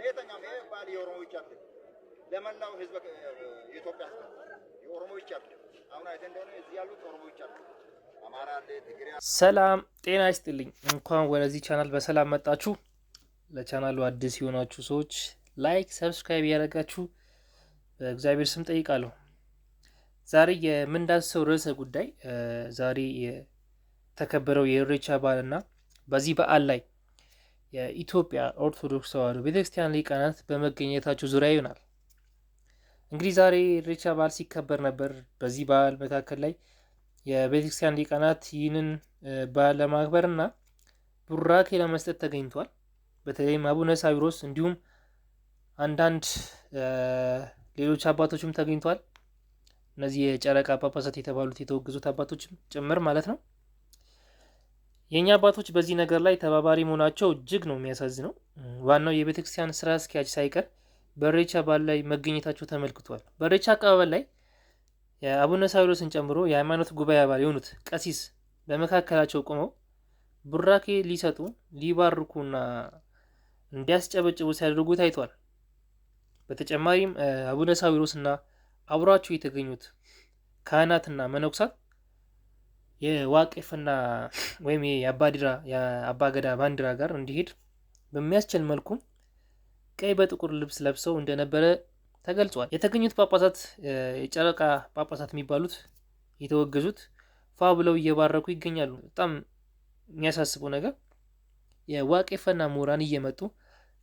ይሄ በዓል የኦሮሞ ብቻ አይደለም፣ ለመላው የኢትዮጵያ የኦሮሞ ብቻ አይደለም። አሁን አይተህ እንደሆነ እዚህ ያሉት ኦሮሞ ብቻ አይደለም። ሰላም ጤና ይስጥልኝ። እንኳን ወደዚህ ቻናል በሰላም መጣችሁ። ለቻናሉ አዲስ የሆናችሁ ሰዎች ላይክ፣ ሰብስክራይብ እያደረጋችሁ በእግዚአብሔር ስም ጠይቃለሁ። ዛሬ የምንዳስሰው ርዕሰ ጉዳይ ዛሬ የተከበረው የኢሬቻ በዓልና በዚህ በዓል ላይ የኢትዮጵያ ኦርቶዶክስ ተዋሕዶ ቤተክርስቲያን ሊቃናት በመገኘታቸው ዙሪያ ይሆናል። እንግዲህ ዛሬ ኢሬቻ በዓል ሲከበር ነበር። በዚህ በዓል መካከል ላይ የቤተክርስቲያን ሊቃናት ይህንን በዓል ለማክበር እና ቡራኬ ለመስጠት ተገኝቷል። በተለይም አቡነ ሳዊሮስ እንዲሁም አንዳንድ ሌሎች አባቶችም ተገኝቷል። እነዚህ የጨረቃ ጳጳሳት የተባሉት የተወገዙት አባቶችም ጭምር ማለት ነው። የእኛ አባቶች በዚህ ነገር ላይ ተባባሪ መሆናቸው እጅግ ነው የሚያሳዝነው። ዋናው የቤተ ክርስቲያን ስራ አስኪያጅ ሳይቀር በሬቻ በዓል ላይ መገኘታቸው ተመልክቷል። በሬቻ አቀባበል ላይ የአቡነ ሳዊሮስን ጨምሮ የሃይማኖት ጉባኤ አባል የሆኑት ቀሲስ በመካከላቸው ቆመው ቡራኬ ሊሰጡ ሊባርኩና እንዲያስጨበጭቡ ሲያደርጉ ታይቷል። በተጨማሪም አቡነ ሳዊሮስና አብሯቸው የተገኙት ካህናትና መነኩሳት የዋቄፈና ወይም የአባዲራ የአባገዳ ባንዲራ ጋር እንዲሄድ በሚያስችል መልኩ ቀይ በጥቁር ልብስ ለብሰው እንደነበረ ተገልጿል። የተገኙት ጳጳሳት የጨረቃ ጳጳሳት የሚባሉት የተወገዙት ፋ ብለው እየባረኩ ይገኛሉ። በጣም የሚያሳስበው ነገር የዋቄፈና ምሁራን እየመጡ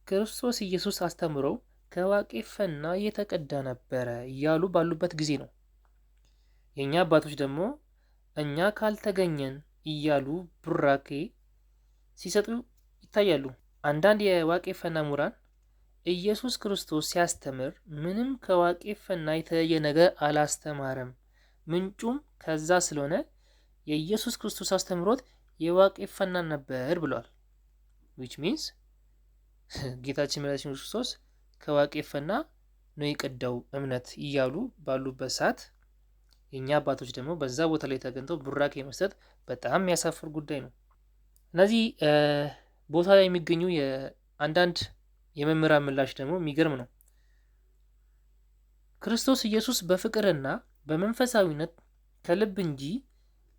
ክርስቶስ ኢየሱስ አስተምረው ከዋቄፈና የተቀዳ ነበረ እያሉ ባሉበት ጊዜ ነው። የእኛ አባቶች ደግሞ እኛ ካልተገኘን እያሉ ቡራኬ ሲሰጡ ይታያሉ። አንዳንድ የዋቄ ፈና ምሁራን ኢየሱስ ክርስቶስ ሲያስተምር ምንም ከዋቄ ፈና የተለየ ነገር አላስተማረም፣ ምንጩም ከዛ ስለሆነ የኢየሱስ ክርስቶስ አስተምሮት የዋቄ ፈና ነበር ብሏል። ዊች ሚንስ ጌታችን መድኃኒታችን ኢየሱስ ክርስቶስ ከዋቄ ፈና ነው የቀዳው እምነት እያሉ ባሉበት ሰዓት የእኛ አባቶች ደግሞ በዛ ቦታ ላይ ተገኝተው ቡራኬ መስጠት በጣም ያሳፍር ጉዳይ ነው። እነዚህ ቦታ ላይ የሚገኙ የአንዳንድ የመምህራን ምላሽ ደግሞ የሚገርም ነው። ክርስቶስ ኢየሱስ በፍቅርና በመንፈሳዊነት ከልብ እንጂ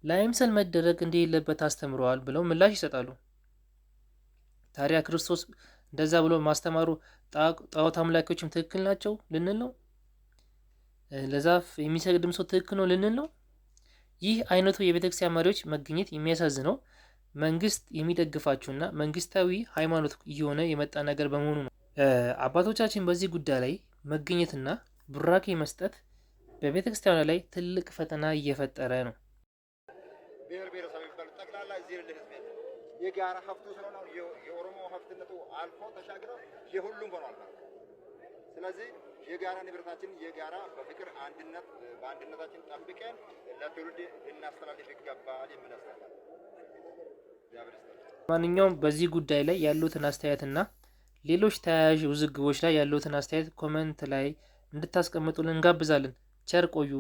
ለአይምሰል መደረግ እንደሌለበት አስተምረዋል ብለው ምላሽ ይሰጣሉ። ታዲያ ክርስቶስ እንደዛ ብሎ ማስተማሩ ጣዖት አምላኪዎችም ትክክል ናቸው ልንል ነው? ለዛፍ የሚሰግድም ሰው ትክክል ነው ልንል ነው? ይህ አይነቱ የቤተክርስቲያን መሪዎች መገኘት የሚያሳዝነው መንግስት የሚደግፋቸውና መንግስታዊ ሃይማኖት እየሆነ የመጣ ነገር በመሆኑ ነው። አባቶቻችን በዚህ ጉዳይ ላይ መገኘትና ቡራኬ መስጠት በቤተክርስቲያኗ ላይ ትልቅ ፈተና እየፈጠረ ነው። ብሔር ብሔረሰብ ጠቅላላ እዚህ ህዝብ የጋራ ሀብቱ ስለሆነ የኦሮሞ ሀብትነቱ አልፎ ተሻግረው የሁሉም ሆኗል። ስለዚህ የጋራ ንብረታችን የጋራ በፍቅር አንድነት በአንድነታችን ጠብቀን ለትውልድ ልናስተላልፍ ይገባል የሚል ማንኛውም በዚህ ጉዳይ ላይ ያሉትን አስተያየትና ሌሎች ተያያዥ ውዝግቦች ላይ ያሉትን አስተያየት ኮመንት ላይ እንድታስቀምጡልን እንጋብዛለን። ቸር ቆዩ።